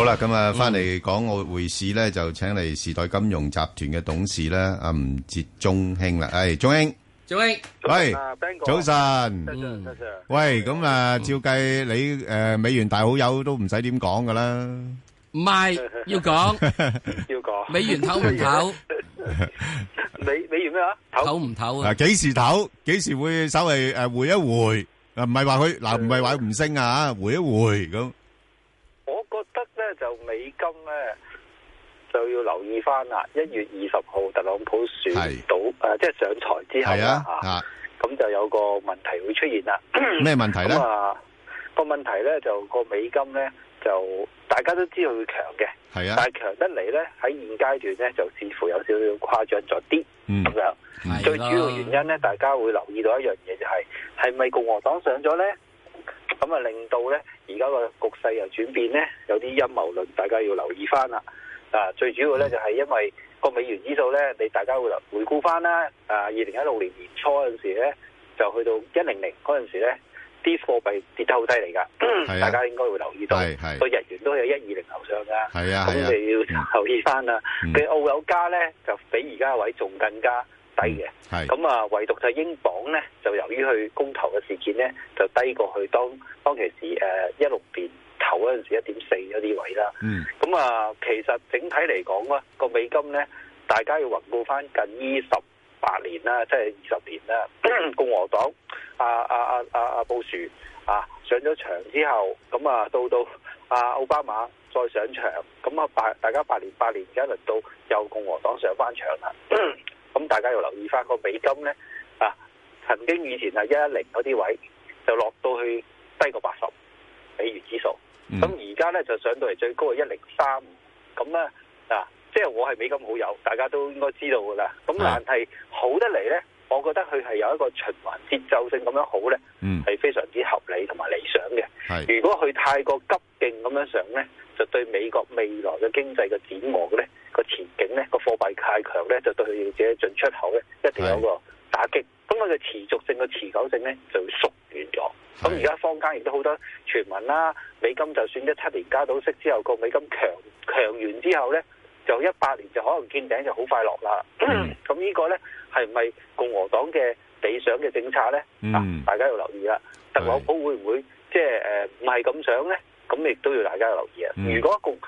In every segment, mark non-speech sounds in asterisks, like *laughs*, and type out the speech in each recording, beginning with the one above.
好啦，咁啊，翻嚟港澳匯市咧，就請嚟時代金融集團嘅董事咧，阿吳捷鐘兄啦。係，鐘兄，鐘兄，喂，早晨，早晨，早晨，喂，咁啊，照計你誒，美元大好友都唔使點講噶啦，唔係要講，要講，美元唞唔唞，美美元咩啊？唞唔唞啊？嗱，幾時唞？幾時會稍微誒回一回？啊，唔係話佢嗱，唔係話唔升啊，回一回咁。就美金咧就要留意返啦，一月二十號特朗普選到誒是、呃，即係上台之後啦吓，咁、啊啊、就有個問題會出現啦。咩問題咧？啊那個問題咧就個美金咧就大家都知道佢強嘅，係啊。但係強得嚟咧喺現階段咧就似乎有少少誇張咗啲，咁就最主要原因咧，大家會留意到一樣嘢就係係咪共和黨上咗咧？咁啊，令到咧而家個局勢又轉變咧，有啲陰謀論，大家要留意翻啦。啊，最主要咧就係因為個美元指數咧，你大家會回顧翻啦。啊，二零一六年年初嗰陣時咧，就去到一零零嗰陣時咧，啲貨幣跌得好低嚟㗎，大家應該會留意到。係個日元都有一二零樓上㗎。啊，咁你要留意翻啦。嘅、啊啊嗯、澳友加咧，就比而家位仲更加。嘅，咁啊、嗯，唯獨就英鎊咧，就由於去公投嘅事件咧，就低過去當當其時誒一六年頭嗰陣時一點四嗰啲位啦。嗯，咁啊，其實整體嚟講咧，個美金咧，大家要回顧翻近二十八年啦，即係二十年啦。共和黨啊啊啊布殊啊布殊啊上咗場之後，咁啊到到阿奧巴馬再上場，咁啊八大家八年八年而家輪到又共和黨上翻場啦。嗯咁大家要留意返、那個美金咧，啊，曾經以前係一一零嗰啲位，就落到去低過八十美元指數，咁而家咧就上到嚟最高係一零三，咁咧啊，即、啊、係、就是、我係美金好友，大家都應該知道㗎啦，咁但係好得嚟咧。啊呢我覺得佢係有一個循環節奏性咁樣好咧，係、嗯、非常之合理同埋理想嘅。是如果佢太過急勁咁樣上呢，就對美國未來嘅經濟嘅展望呢個前景呢個貨幣太強呢，就對佢自己進出口呢，一定有個打擊。咁佢嘅持續性個持久性呢就會縮短咗。咁而家坊間亦都好多傳聞啦、啊，美金就算一七年加到息之後，個美金強強完之後呢。就一八年就可能見頂就好快落啦，咁呢、嗯、個呢，係唔係共和黨嘅理想嘅政策呢？啊嗯、大家要留意啦。特朗普會唔會即係唔係咁想呢？咁亦都要大家要留意啊。嗯、如果共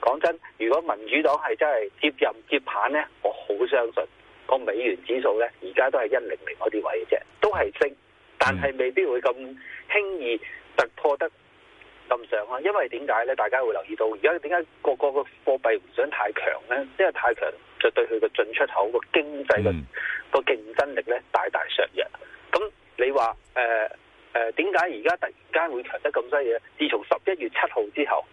講真，如果民主黨係真係接任接棒呢，我好相信個美元指數呢，而家都係一零零嗰啲位嘅啫，都係升，但係未必會咁輕易突破得。咁上啊，因為點解咧？大家會留意到，而家點解個個個貨幣唔想太強咧？因為太強就對佢個進出口個經濟個競爭力咧大大削弱。咁你話誒誒，點解而家突然間會強得咁犀利咧？自從十一月七號之後，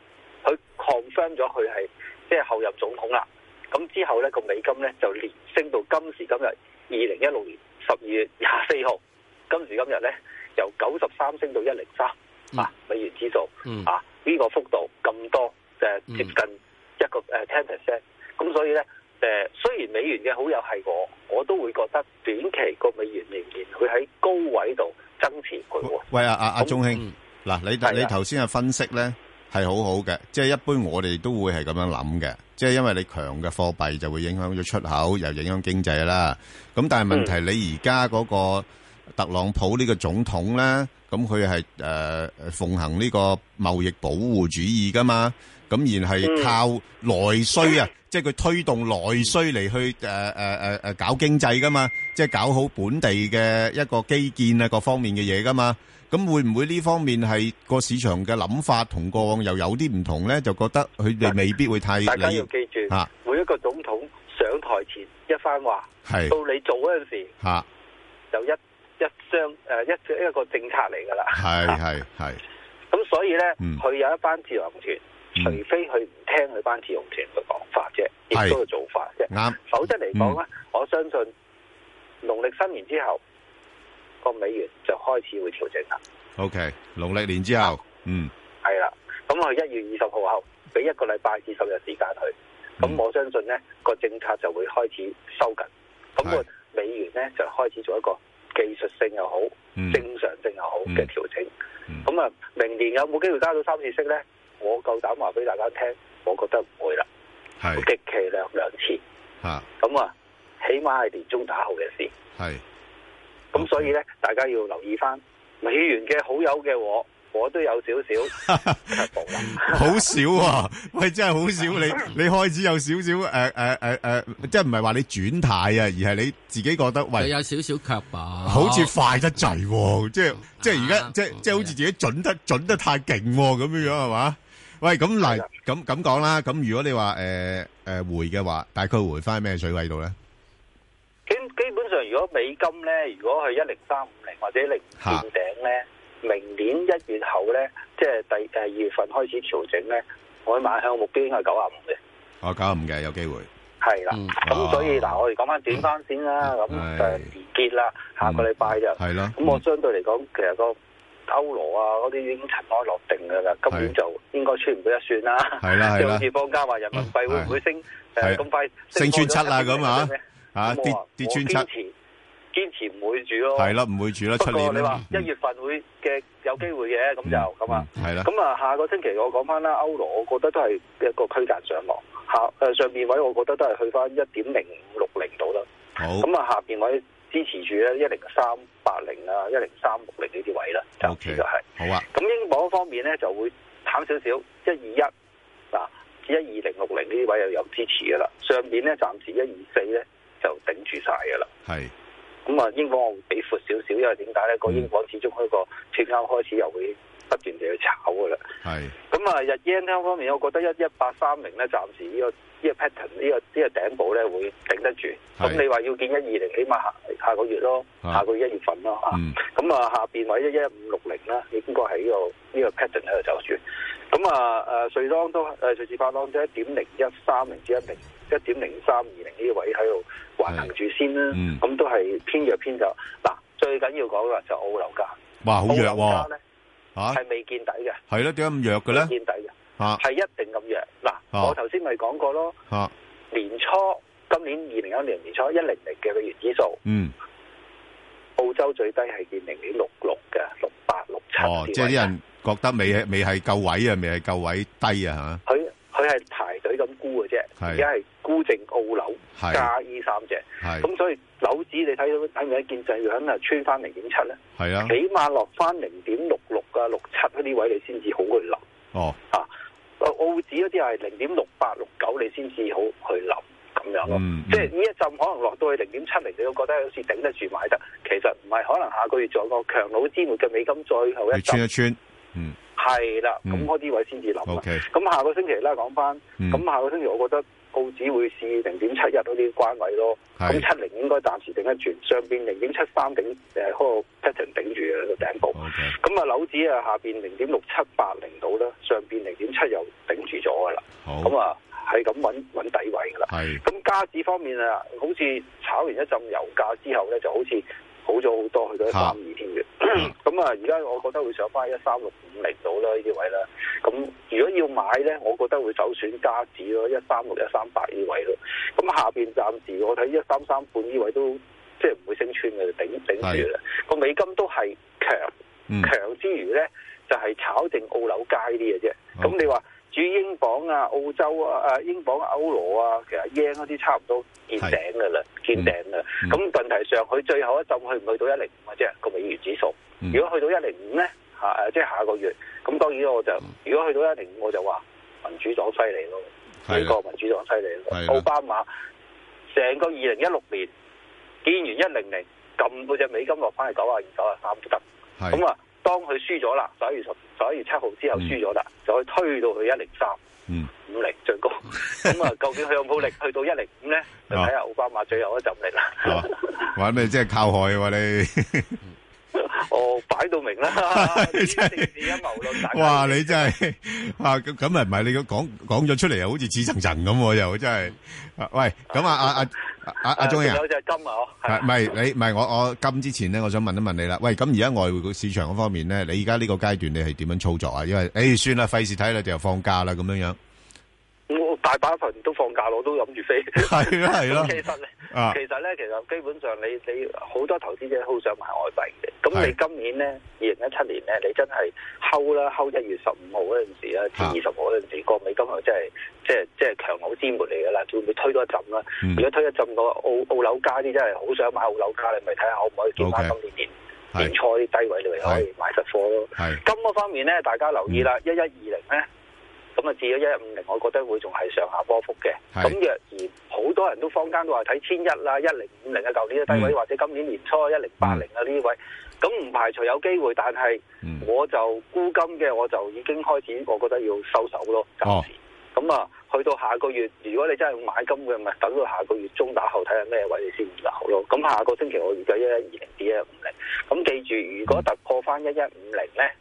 佢 confirm 咗佢係即係候任總統啦。咁之後咧個美金咧就連升到今時今日二零一六年十二月廿四號，今時今日咧由九十三升到一零三。嗯、啊，美元指數、嗯、啊，呢、這個幅度咁多，誒、啊、接近一個 ten percent 咁，所以咧，誒、啊、雖然美元嘅好友係我，我都會覺得短期個美元仍然會喺高位度增持佢。喂啊阿阿鐘兄，嗱你的你頭先嘅分析咧係好好嘅，即係一般我哋都會係咁樣諗嘅，即係因為你強嘅貨幣就會影響咗出口，又影響經濟啦。咁但係問題你而家嗰個特朗普呢個總統咧？咁佢係誒誒奉行呢個貿易保護主義噶嘛，咁然係靠內需啊，即係佢推動內需嚟去誒誒誒誒搞經濟噶嘛，即係搞好本地嘅一個基建啊各方面嘅嘢噶嘛。咁會唔會呢方面係個市場嘅諗法同過往又有啲唔同咧？就覺得佢哋未必會太，大家要記住，每一個總統上台前一番話，係到你做嗰陣時，就一。一張誒、呃、一一個政策嚟㗎啦，係係係。咁、啊、所以咧，佢、嗯、有一班自行團，除非佢唔聽佢班自行團嘅講法啫，亦是都係做法啫。啱對，否則嚟講咧，嗯、我相信農曆新年之後個美元就開始會調整啦。O、okay, K. 農曆年之後，啊、嗯，係啦。咁我一月二十號後俾一個禮拜至十日時間去。咁我相信咧個政策就會開始收緊，咁個美元咧是就開始做一個。技術性又好，嗯、正常性又好嘅調整，咁、嗯嗯、啊，明年有冇機會加到三次息呢？我夠膽話俾大家聽，我覺得唔會啦，極其量兩次啊，咁啊，起碼係年中打後嘅事，係是，咁所以呢，Okay. 大家要留意翻美元嘅好友嘅我。我都有少少，好少喎！喂，真係好少你，你開始有少少誒誒誒誒，即係唔係話你轉態啊，而係你自己覺得喂有少少缺乏，好似快得滯，即係即係而家即係即係好似自己準得準得太勁咁樣樣係嘛？喂，咁嗱咁咁講啦，咁如果你話誒誒回嘅話，大概回翻咩水位度咧？咁基本上，如果美金咧，如果係一零三五零或者零見頂咧。明年一月後咧，即係第誒二月份開始調整咧，我買向目標應該係九啊五嘅。哦，九啊五嘅有機會。係啦，咁所以嗱，我哋講翻短翻先啦，咁年結啦，下個禮拜就。係咯。咁我相對嚟講，其實個歐羅啊嗰啲已經塵埃落定㗎啦，今年就應該出唔到一算啦。係啦係啦。好似坊間話人民幣會唔會升誒咁快升穿七啦咁啊？嚇！跌跌穿七。堅持唔會住咯，係啦，唔會住啦。不過出年你話說一、嗯、月份會嘅有機會嘅，咁就咁啊。係啦、嗯。咁啊樣、嗯，下個星期我講翻啦，歐羅我覺得都係一個區間上落下誒、呃，上邊位我覺得都係去翻一點零五六零度啦。好。咁啊，下邊位支持住咧，一零三八零啊，一零三六零呢啲位啦。O Okay , K，就係、是、好啊。咁英鎊方面咧就會淡少少，一二一嗱，一二零六零呢啲位又有支持噶啦。上邊咧暫時一二四咧就頂住晒噶啦。係。咁啊，英鎊會比闊少少，因為點解咧？個、嗯、英鎊始終開個全歐開始，又會不斷地去炒㗎啦。咁是啊，日 yen 方面，我覺得一一八三零咧，暫時呢、這個呢、這個 pattern 呢、這個呢、這個頂部咧會頂得住。咁是你話要見一二零，起碼下下個月咯，啊、下個一月,月份咯。咁、嗯、啊，下邊位一一五六零呢，應該係呢、這個呢、這個 pattern 喺度走住。咁啊，誒瑞邦都誒瑞士法郎即係一點零一三，零至一零，一點零三二零呢位喺度橫行住先啦。咁、嗯、都係偏弱偏走。嗱，最緊要講嘅就澳樓價。哇，好弱喎、哦！澳呢啊，係未見底嘅。係咯，點解咁弱嘅咧？見底嘅啊，係一定咁弱。嗱，啊、我頭先咪講過咯。啊，年初今年二零一六年年初一零零嘅個月指數。數嗯。澳洲最低係見零點六六嘅，六八六七。哦，即係啲人。覺得未係未係夠位啊，未係夠位低啊，吓佢佢係排隊咁沽嘅啫，而家係沽淨澳樓是加二三隻，咁是所以樓指你睇到睇唔睇見就有可能穿翻零點七咧，係啊，起碼落翻零點六六啊六七呢啲位你先至好去諗哦吓、啊，澳指嗰啲係零點六八六九你先至好去諗咁、嗯、樣咯，嗯、即係呢一陣可能落到去零點七零，你都覺得好似頂得住買得，其實唔係，可能下個月再個強弩之末嘅美金最後一陣，穿一穿。嗯，係啦，咁嗰啲位先至諗啦，咁下個星期呢，講翻，咁、嗯、下個星期我覺得澳紙會試零點七一嗰啲關位咯。咁七零應該暫時頂一轉，上邊零點七三頂誒，個、呃、pattern 頂住嘅個頂部。咁啊，樓紙啊，下邊零點六七八零度啦，上邊零點七又頂住咗噶啦。咁啊好，係咁搵揾底位噶啦。係是，咁加紙方面啊，好似炒完一陣油價之後咧，就好似。好咗好多，去到一、啊、三二添嘅。咁啊，而家我覺得會上翻一三六五零到啦，呢啲位啦。咁如果要買呢，我覺得會首選加紙咯，一三六一三八呢位咯。咁下面暫時我睇一三三半呢位都即係唔會升穿嘅，頂頂住啦。個的美金都係強強之餘呢，嗯、就係炒定澳紐街啲嘢啫。咁好你話？至於英鎊啊、澳洲啊、啊英鎊歐羅啊，其實 yen 嗰啲差唔多見頂嘅啦，見的頂啦。咁、嗯嗯、問題上佢最後一陣去唔去到一零五或者個美元指數。嗯、如果去到一零五咧，嚇誒，即係下個月。咁當然我就，嗯、如果去到一零五，我就話民主黨犀利咯，美國的民主黨犀利咯，的奧巴馬成個二零一六年見完一零零，撳到隻美金落翻去九啊二九啊三都得。咁啊的！那當佢輸咗啦，十一月十十一月七號之後輸咗啦，嗯、就去推到去一零三、五零最高。咁啊，究竟佢有冇力去到一零五咧？就睇下奧巴馬最後一陣力啦。玩咩、oh.？即係靠海喎、啊、你。 *laughs* 哦，擺到明啦， *laughs* 你一謀論。哇！你真係啊，咁咁啊，唔係你講講咗出嚟，又好似似層層咁，又真係、啊。喂，咁啊，阿阿。阿阿鍾英啊，有隻金啊，嗬，唔係你唔係我我金之前咧，我想問一問你啦。喂，咁而家外匯市場嗰方面咧，你而家呢個階段你係點樣操作啊？因為誒，算啦，費事睇啦，就放假啦，咁樣樣。我大把群都放假，我都諗住飛。係咯係咯。其實咧，啊，其實咧，其實基本上你你好多投資者好想買外幣嘅。咁你今年咧，二零一七年咧，你真係 hold 啦，hold 一月十五號嗰陣時啦，二十號嗰陣時，個美金又真係。即係即係強弩之末嚟噶啦，會唔會推多一浸啦、啊？嗯、如果推一浸個澳澳樓價啲真係好想買澳樓價，你咪睇下可唔可以見翻今年年，okay，年初啲低位你咪可以買實貨咯。金嗰方面咧，大家留意啦，一一二零咧，咁啊至於一一五零，我覺得會仲係上下波幅嘅。咁是若然好多人都坊間都話睇千一啦，一零五零啊，舊年嘅低位、嗯、或者今年年初一零八零啊呢位，咁唔、嗯、排除有機會，但係我就沽金嘅，我就已經開始我覺得要收手咯，暫時。哦。咁啊，去到下個月，如果你真係要買金嘅，咪等到下個月中打後睇下咩位你先好咯。咁下個星期我預計一一二零至一一五零。咁記住，如果突破翻一一五零咧，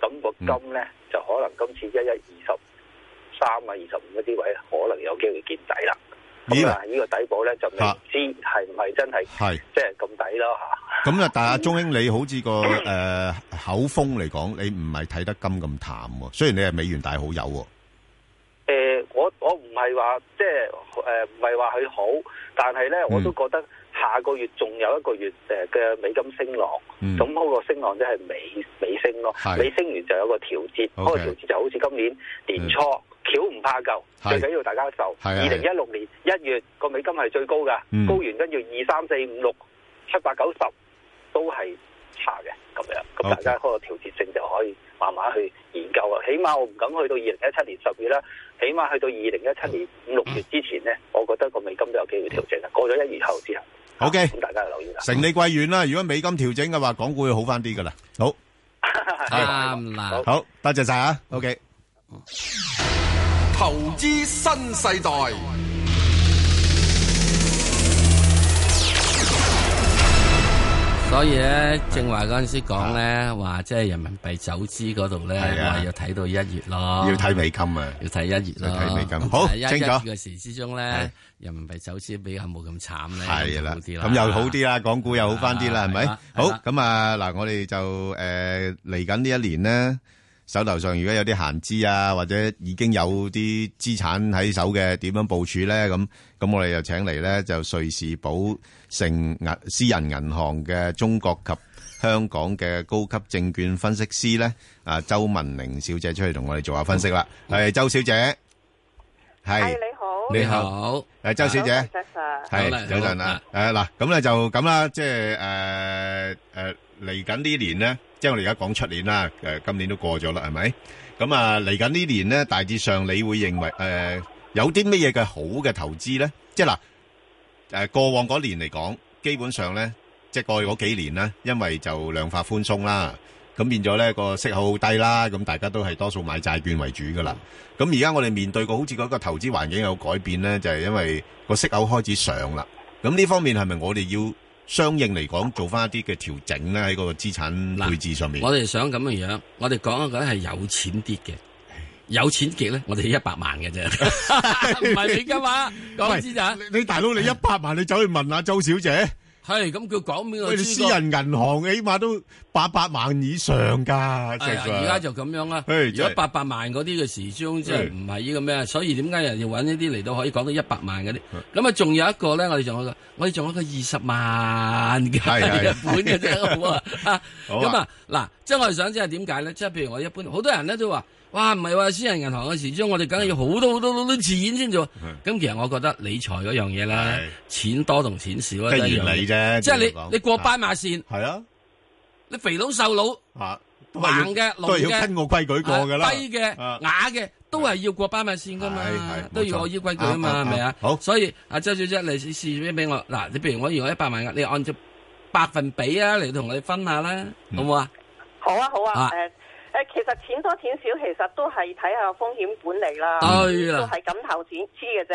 咁、個金咧就可能今次一一二十三啊、二十五嗰啲位可能有機會見底啦、啊啊。但係呢個底部咧就未知係唔係真係係即係咁底咯吓。咁啊、嗯，但係阿鍾兄，你好似個誒口風嚟講，你唔係睇得金咁淡，雖然你係美元大好友。係話即係誒，唔係話佢好，但係咧，嗯、我都覺得下個月仲有一個月誒嘅美金升浪，咁嗰個升浪即係尾尾升咯，是尾升完就有個調節，嗰 okay, 個調節就好似今年年初，橋唔是怕舊，最緊要大家受。二零一六年一月個美金係最高噶，是是高完跟住二三四五六七八九十都係。差嘅咁樣，咁大家嗰個調節性就可以慢慢去研究啊。起碼我唔敢去到二零一七年十月啦，起碼去到二零一七年五六月之前咧，嗯、我覺得個美金都有機會調整啦。過咗一月後之後，OK 咁大家留意啦。成理貴遠啦，如果美金調整嘅話，港股會好翻啲噶啦。好，好，多好謝晒啊。OK，投資新世代。所以咧，正話嗰陣時講咧，話即係人民幣走資嗰度咧，話要睇到一月咯。要睇美金啊！要睇一月咯。要睇美金。好，清楚。一月嘅時之中咧，人民幣走資比係冇咁慘咧，係啦，咁又好啲啦，港股又好翻啲啦，係咪？好，咁啊，嗱，我哋就誒嚟緊呢一年咧。手頭上如果有啲閒資啊，或者已經有啲資產喺手嘅，點樣部署呢？咁咁我哋就請嚟呢，就瑞士寶盛銀私人銀行嘅中國及香港嘅高級證券分析師呢，啊周雯玲小姐出嚟同我哋做下分析啦。係、嗯、周小姐，係、哎。你好，誒，周小姐，係早晨啊，誒嗱，咁咧就咁啦，即係誒誒，嚟緊呢年咧，即係我哋而家講出年啦，誒，今年都過咗啦，係咪？咁啊，嚟緊呢年咧，大致上你會認為誒，有啲乜嘢嘅好嘅投資咧？即係嗱，誒，過往嗰年嚟講，基本上咧，即係過去嗰幾年咧，因為就量化寬鬆啦。咁變咗咧個息口低啦，咁大家都係多數買債券為主噶啦。咁而家我哋面對過好似個投資環境有改變咧，就係、是、因為個息口開始上啦。咁呢方面係咪我哋要相應嚟講做翻一啲嘅調整咧？喺個資產配置上面，我哋想咁嘅樣。我哋講一講係有錢啲嘅，有錢極咧，我哋一百萬嘅啫，唔 *laughs* 係你㗎嘛？講真，你大佬你一百萬，唉你走去問阿周小姐。係咁佢講俾我哋睇，私人銀行起碼都八百萬以上噶，其實！而家就咁樣啦。如果八百萬嗰啲嘅時鐘即係唔係呢個咩？所以點解人要搵呢啲嚟到，可以講到一百萬嗰啲？咁啊，仲有一個咧，我哋仲有，我哋仲有一個二十萬嘅一本嘅啫，咁啊，嗱，即係我哋想即係點解咧？即係譬如我一般，好多人咧都話。哇，唔係話私人銀行嘅事，中我哋梗係要好多好多好多錢先做。咁其實我覺得理財嗰樣嘢咧，錢多同錢少都一理嘅。即係你你過斑馬線係啊，你肥佬瘦佬，盲嘅，都要跟個規矩過噶啦。低嘅、啞嘅都係要過斑馬線噶嘛，都要我依規矩啊嘛，係咪啊？好。所以阿周小姐你試一畀俾我嗱，你譬如我要一百萬，你按照百分比啊嚟同你分下啦，好唔好啊？好啊，好啊。誒，其實錢多錢少，其實都係睇下風險管理啦。係啊、oh, yeah.，都係咁投資知嘅啫。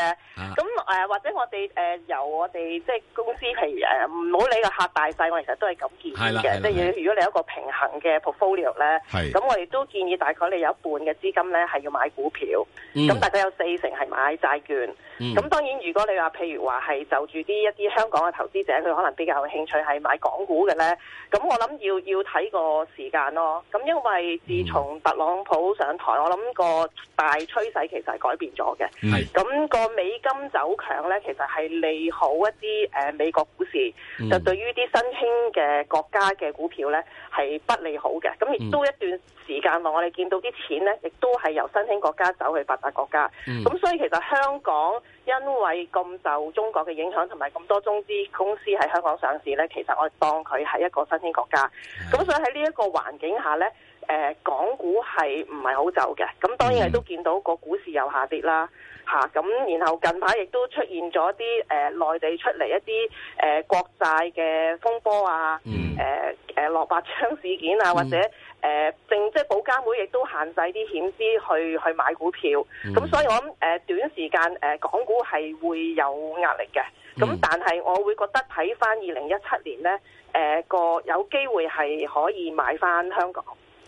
咁、呃、誒，或者我哋誒、呃、由我哋即係公司，譬如誒唔好理個客大細，我其實都係咁建議嘅。即係如果你有一個平衡嘅 portfolio 咧，係咁是我亦都建議大概你有一半嘅資金咧係要買股票，咁、mm. 大概有四成係買債券。咁、mm. 當然，如果你話譬如話係就住啲一啲香港嘅投資者，佢可能比較有興趣係買港股嘅咧，咁我諗要要睇個時間咯。咁因為自從特朗普上台，我諗個大趨勢其實係改變咗嘅。咁、嗯、個美金走強呢，其實係利好一啲誒、呃、美國股市，嗯、就對於啲新興嘅國家嘅股票呢，係不利好嘅。咁亦都一段時間內，嗯、我哋見到啲錢呢，亦都係由新興國家走去發達國家。咁、嗯、所以其實香港因為咁受中國嘅影響，同埋咁多中資公司喺香港上市呢，其實我哋當佢係一個新興國家。咁所以喺呢一個環境下呢。誒港股係唔係好走嘅？咁當然係都見到個股市又下跌啦，嚇咁、嗯。啊、然後近排亦都出現咗啲誒內地出嚟一啲誒、呃、國債嘅風波啊，誒誒蘿蔔章事件啊，嗯、或者誒、呃、正即係保監會亦都限制啲險資去去買股票。咁、嗯、所以我諗誒、呃、短時間誒、呃、港股係會有壓力嘅。咁、嗯、但係我會覺得睇翻二零一七年咧，誒、呃、個有機會係可以買翻香港。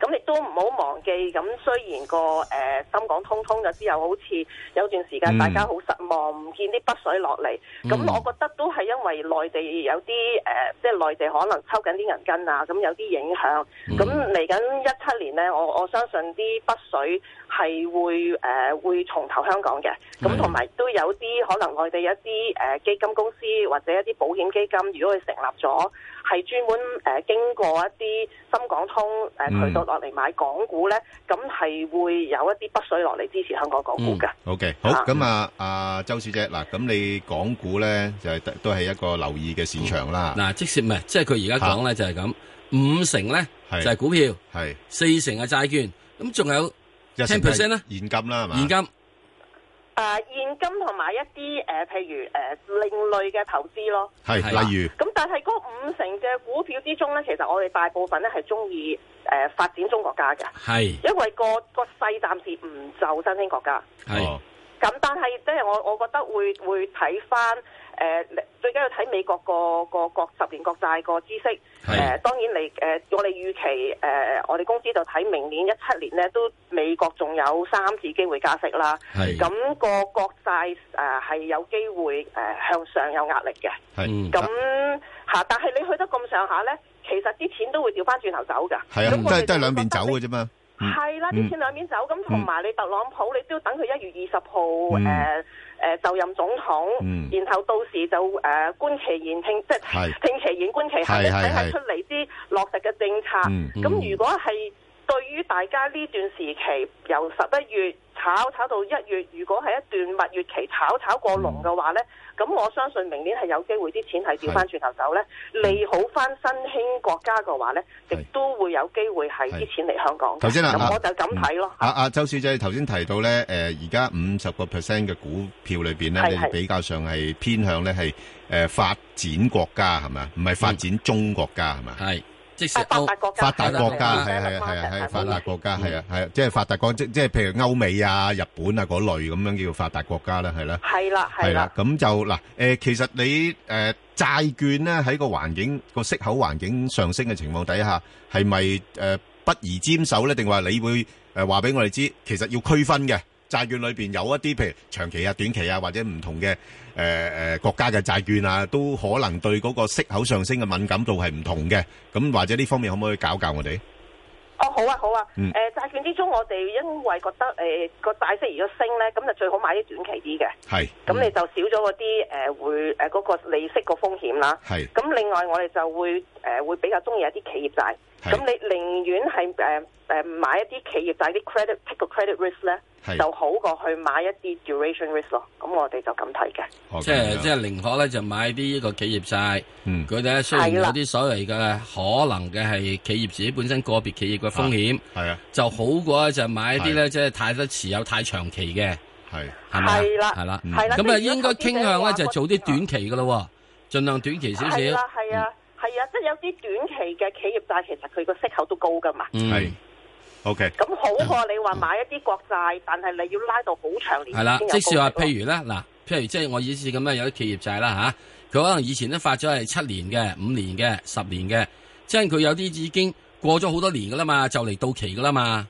咁亦都唔好忘記，咁雖然個誒、呃、深港通通咗之後，好似有段時間大家好失望，唔、嗯、見啲北水落嚟。咁、嗯、我覺得都係因為內地有啲誒、呃，即係內地可能抽緊啲銀根啊，咁有啲影響。咁嚟緊一七年呢，我我相信啲北水係會誒、呃、會重投香港嘅。咁同埋都有啲可能內地一啲、呃、基金公司或者一啲保險基金，如果佢成立咗，係專門、呃、經過一啲深港通誒渠道。呃落嚟買港股咧，咁係會有一啲北水落嚟支持香港港股嘅。OK，好咁啊，阿周小姐，嗱，咁你港股咧就係都係一個留意嘅市場啦。嗱，即是唔係，即係佢而家講咧就係咁，五成咧就係股票，係四成嘅債券，咁仲有十 percent 咧現金啦，係嘛？現金誒、啊、現金同埋一啲誒、呃，譬如誒、呃、另類嘅投資咯，係，例如。咁但係嗰五成嘅股票之中咧，其實我哋大部分咧係中意誒發展中國家嘅，係是，因為、個個勢暫時唔就新興國家，係是。Oh. 咁但係即係我我覺得會會睇翻誒，最緊要睇美國個個國十年國債個知識誒的、呃，當然你誒、呃，我哋預期誒、呃，我哋公司就睇明年一七年咧，都美國仲有三次機會加息啦。咁的個國債誒係有機會、呃、向上有壓力嘅。咁的但係你去得咁上下咧，其實啲錢都會掉翻轉頭走㗎。係啊的，都係兩邊走㗎啫嘛。係啦，啲 *noise* 錢兩邊走，咁、嗯、同埋你特朗普，你都要等佢一月二十號，誒誒、嗯呃呃、就任總統，嗯、然後到時就誒、呃、觀其言聽，即係是聽其言觀其行，睇下是出嚟，啲落實嘅政策。咁、嗯、如果係。大家呢段時期由十一月炒炒到一月，如果係一段蜜月期炒炒過龍嘅話呢，咁、嗯、我相信明年係有機會啲錢係掉翻轉頭走呢是利好翻新興國家嘅話呢，亦是都會有機會係啲錢嚟香港。頭先是啊，咁我就咁睇咯。阿啊周小姐頭先提到呢，誒而家五十個 percent 嘅股票裏邊呢，是是你比較上係偏向呢係誒發展國家係咪？唔係發展中國家係咪？係、嗯。嗎即係發達國家，發達國家係啊係啊係啊係發達國家係啊係，即係發達國即即係譬如歐美啊、日本啊嗰類咁樣叫發達國家啦，係啦。係啦，係啦。咁就嗱誒，其實你誒債券咧喺個環境個息口環境上升嘅情況底下，係咪誒不宜沾手咧？定話你會誒話俾我哋知，其實要區分嘅。債券裏邊有一啲，譬如長期啊、短期啊，或者唔同嘅誒誒國家嘅債券啊，都可能對嗰個息口上升嘅敏感度係唔同嘅。咁或者呢方面可唔可以教教我哋？哦，好啊，好啊。嗯。誒，債券之中，我哋因為覺得誒個債息如果升咧，咁就最好買啲短期啲嘅。係。咁你就少咗嗰啲誒會誒嗰個利息個風險啦。係。咁另外我哋就會誒會比較鍾意一啲企業債。咁你寧願係誒誒買一啲企業債啲 credit take 個 credit risk 咧，就好過去買一啲 duration risk 咯。咁我哋就咁睇嘅。即係即係寧可咧就買啲呢個企業債，佢哋咧雖然有啲所謂嘅可能嘅係企業自己本身個別企業嘅風險，係啊，就好過就買一啲咧即係太得持有太長期嘅，係係咪係啦，係啦，咁啊應該傾向咧就做啲短期嘅咯，盡量短期少少。係啊，即係有啲短期嘅企業債，其實佢個息口都高噶嘛。嗯，係、嗯、OK。咁好過你話買一啲國債，嗯、但係你要拉到好長年。係啦、啊，即係話，譬如咧，嗱，譬如即係我意思咁樣，有啲企業債啦吓，佢、啊、可能以前都發咗係七年嘅、五年嘅、十年嘅，即係佢有啲已經過咗好多年噶啦嘛，就嚟到期噶啦嘛，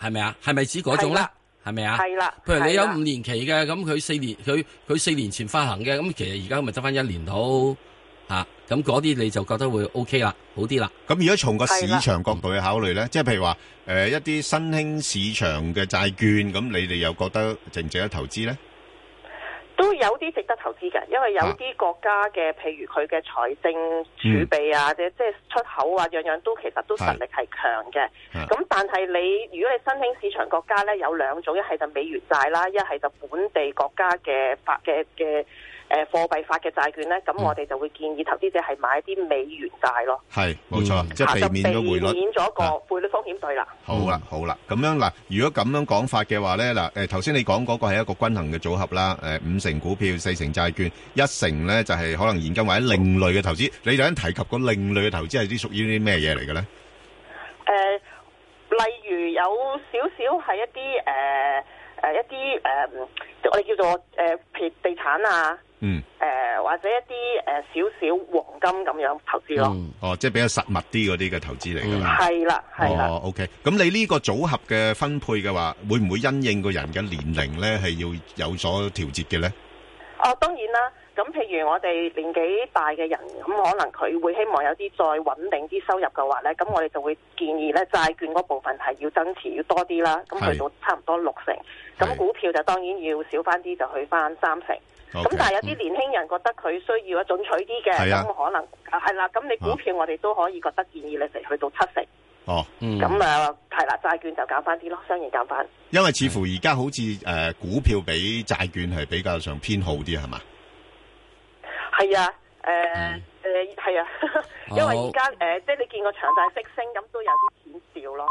係咪啊？係咪指嗰種咧？係咪啊？係啦、啊。是啊、譬如你有五年期嘅，咁佢四年，佢佢四年前發行嘅，咁其實而家咪得翻一年到。啊，咁嗰啲你就覺得會 OK 啦，好啲啦。咁如果從個市場角度去考慮呢，的即係譬如話誒、呃、一啲新興市場嘅債券，咁你哋又覺得值唔值得投資呢？都有啲值得投資嘅，因為有啲國家嘅，啊、譬如佢嘅財政儲備啊，或者即係、嗯、出口啊，各樣各樣都其實都實力係強嘅。咁，的但係你如果你新興市場國家呢，有兩種，一係就美元債啦，一係就本地國家嘅發嘅嘅。誒，貨幣法嘅債券咧，咁我哋就會建議投資者係買啲美元債咯。係，冇錯，即係避免咗個匯率風險對啦。好啦，好啦，咁樣嗱，如果咁樣講法嘅話咧，嗱，誒頭先你講嗰個係一個均衡嘅組合啦，誒五成股票、四成債券、一成咧就係可能現金或者另類嘅投資。你頭先提及個另類嘅投資係啲屬於啲咩嘢嚟嘅咧？誒，例如有少少係一啲誒誒一啲誒，我哋叫做誒譬如地產啊。.嗯，誒、呃、或者一啲誒少少黃金咁樣投資咯，嗯、哦即係比較實物啲嗰啲嘅投資嚟噶啦，係啦，係啦，OK，咁你呢個組合嘅分配嘅話，會唔會因應個人嘅年齡咧，係要有所調節嘅咧？哦，當然啦，咁譬如我哋年紀大嘅人，咁可能佢會希望有啲再穩定啲收入嘅話咧，咁我哋就會建議咧債券嗰部分係要增持要多啲啦，咁去到差唔多六成，咁的股票就當然要少返啲，就去返三成。咁、okay, 嗯、但係有啲年輕人覺得佢需要準取一進取啲嘅。咁、啊、可能係啦。咁、啊啊、你股票我哋都可以覺得建議你食去到七成。哦、啊，咁、嗯、啊係啦，債、啊、券就減翻啲咯，相應減翻。因為似乎而家好似誒、呃，股票比債券係比較上偏好啲，係嘛？係啊，誒、呃、誒，係啊，因為而家誒，即係你見個長債息升，咁都有啲錢少咯。